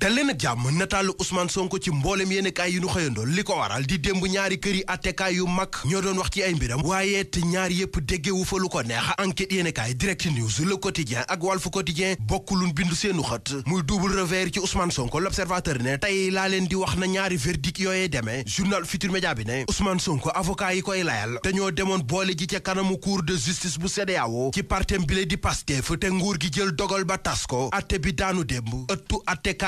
dalee nag jàmm nataalu Ousmane Sonko ci mboolem yéenekaay yi nu xëyandoo li ko waral di démb ñaari kër yi attekaay yu mag ñoo doon wax ci ay mbiram waaye te ñaar yépp déggewu fa lu ko neex enquête yéenekaay direct news le quotidien ak Walf bokk bokkuluñ bindu seenu xët muy double revers ci Ousmane Sonko l'observateur ne tey laa leen di wax na ñaari verdict yooyee demee journal Futur Média bi ne Ousmane Sonko avocat yi koy layal dañoo demoon boole ji ca kanamu cour de justice bu CEDEAO ci partem bile di Pastef te gi jël dogal ba tas ko atte bi daanu démb ëttu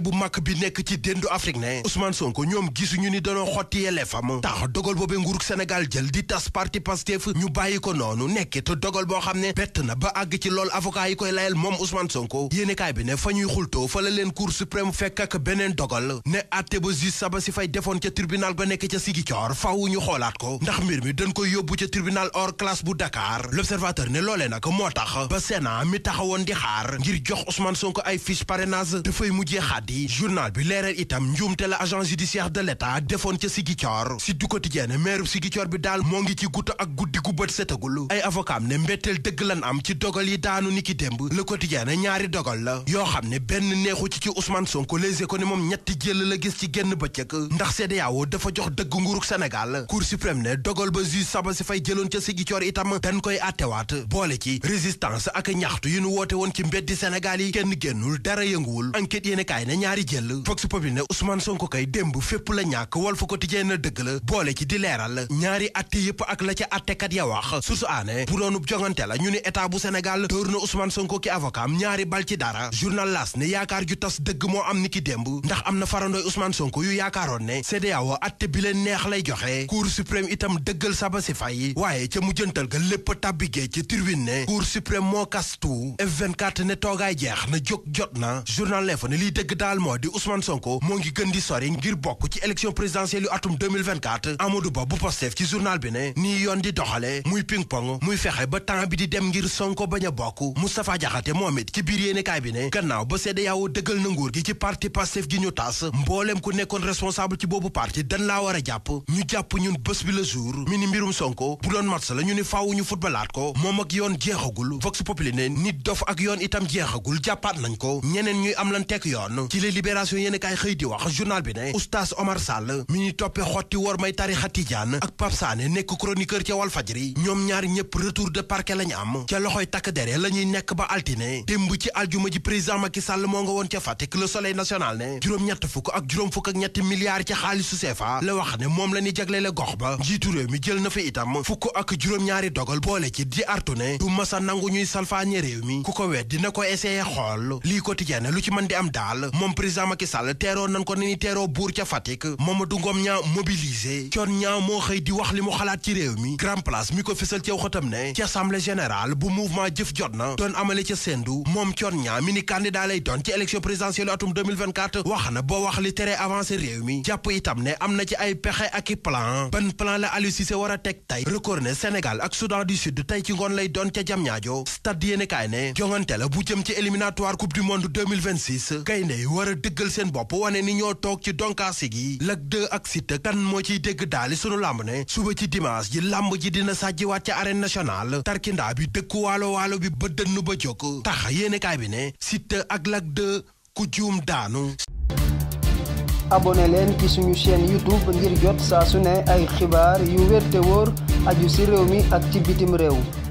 bu mag bi nekk ci déndu Afrique ne Ousmane Sonko ñoom gisuñu ni danoo xotti yelleefam tax dogal boobee nguurug Sénégal jël di tas parti Pastef ñu bàyyi ko noonu nekkit dogal boo xam ne bett na ba àgg ci lool avocat yi koy layal moom Ousmane Sonko yéenekaay bi ne fa ñuy xultoo fa la leen Cour suprême fekk ak beneen dogal ne àtte ba juge saba si fay defoon ca tribunal ba nekk ca Ziguinchor fawu ñu xoolaat ko ndax mbir mi dañ koy yóbbu ca tribunal hors classe bu Dakar l'observateur ne loolee nag moo tax ba mi taxawoon di xaar ngir jox Ousmane Sonko ay fiche parrainage dafay mujjee xaddi yi journal bi leeral itam njuumte la agence judiciaire de l'état defoon ca Ziguinchor si du quotidien maire Ziguinchor bi daal moo ngi ci guta ak guddi gu bët setagul ay avocat am ne mbetteel dëgg lan am ci dogal yi daanu ni ki démb le quotidien ñaari dogal la yoo xam ne benn neexu ci ci Ousmane Sonko les économies moom ñetti jël la gis ci génn bëccëg ndax CEDEAO dafa jox dëgg nguurug senegal Cour suprême ne dogal ba juge Sabassy fay jëloon ca Ziguinchor itam dañ koy attewaat boole ci résistance ak ñaxtu yu nu woote woon ci mbeddi Sénégal yi kenn génnul dara yënguwul enquête yéene kaay ne ñaari jël Vox Populi ne Ousmane Sonko kay démb fépp la ñàkk Walf na atte bu doonub jongante la ñu ne état bu Sénégal dóor na Ousmane Sonko ki avocat am ñaari bal ci dara ne yaakaar ju tas dëgg moo am ni ki démb ndax am na farandooy Ousmane Sonko yu yaakaaroon ne CEDEAO atte bi leen neex lay joxe Cour suprême itam dëggal saba si fay waaye ca mujjantal ga lépp tàbbi géej ci tribune ne Cour suprême moo kastu f ne toogaay jeex na jóg jot na journal L'Info ne liy daal moo di Ousmane Sonko moo ngi gën di sori ngir bokk ci élection présidentielle yu atum 2024 Ba bu Pastef ci journal bi ne nii yoon di doxale muy ping pong muy fexe ba temps bi di dem ngir Sonko bañ a bokk Moustapha Diakhaté moom it ci biir yéenekaay bi ne gannaaw ba CEDEAO dëggal na nguur gi ci parti Pastef gi ñu tas mbooleem ku nekkoon responsable ci boobu parti dañ laa war a jàpp ñu jàpp ñun bés bi le jour mi ni mbirum Sonko bu doon match la ñu ni faaw ñu footballaat ko moom ak yoon jeexagul Vox Populi ne nit yoon itam jeexagul jàppaat nañ ko ñeneen ñuy am libération yéen kaay xëy di wax journal bi ne oustaz Omar Sall mi ñuy toppe xotti wor may tarixa tijaan ak Pape nekk chroniqueur ca Walfadjri ñoom ñaar ñëpp retour de parquet lañu am ca loxoy takk dere la ñuy nekk ba altine démb ci aljuma ji président Macky Sall moo nga woon ca Fatick le soleil national ne juróom-ñett fukk ak juróom fukk ak ñetti milliards ca xaalisu la wax ne moom la ñu gox ba njiitu réew mi jël na fa itam fukk ak juróom-ñaari dogal boole ci di artu ne du masa nangu ñuy salfaañe réew mi ku ko wet dina ko essayé xool lii quotidien lu ci mën di am daal président Macky teeroo nan ko ni teeroo buur ca Fatick Mamadou Ngom ñaa mobilisé coon ñaa moo xëy di wax li mu xalaat ci réew mi grand place mi ko fësal cew xatam ne ci assemblée générale bu mouvement jëf jot na doon amale ca sendu moom coon ñaa mi ni candidat lay doon ci élection présidentielle atum wax na boo wax li tere avancé réew mi jàpp itam ne am na ci ay pexe ak i plan ban plan la Aliou Cissé a teg tey record ne Sénégal ak Soudan a dëggal seen bopp wane ni ñoo toog ci donkaasi gi Lac 2 ak Siteu kan moo ciy dégg daali sunu làmb ne suba ci dimanche ji làmb ji dina sàjjiwaat ci arène national tarkindaa bi dëkku waalo waalo bi ba dënn ba jóg tax yéenekaay bi ne Siteu ak Lac 2 ku juum daanu abonné leen ci suñu chaîne youtube ngir jot saa su ne ay xibaar yu wér wóor aju ci réew mi ak ci bitim réew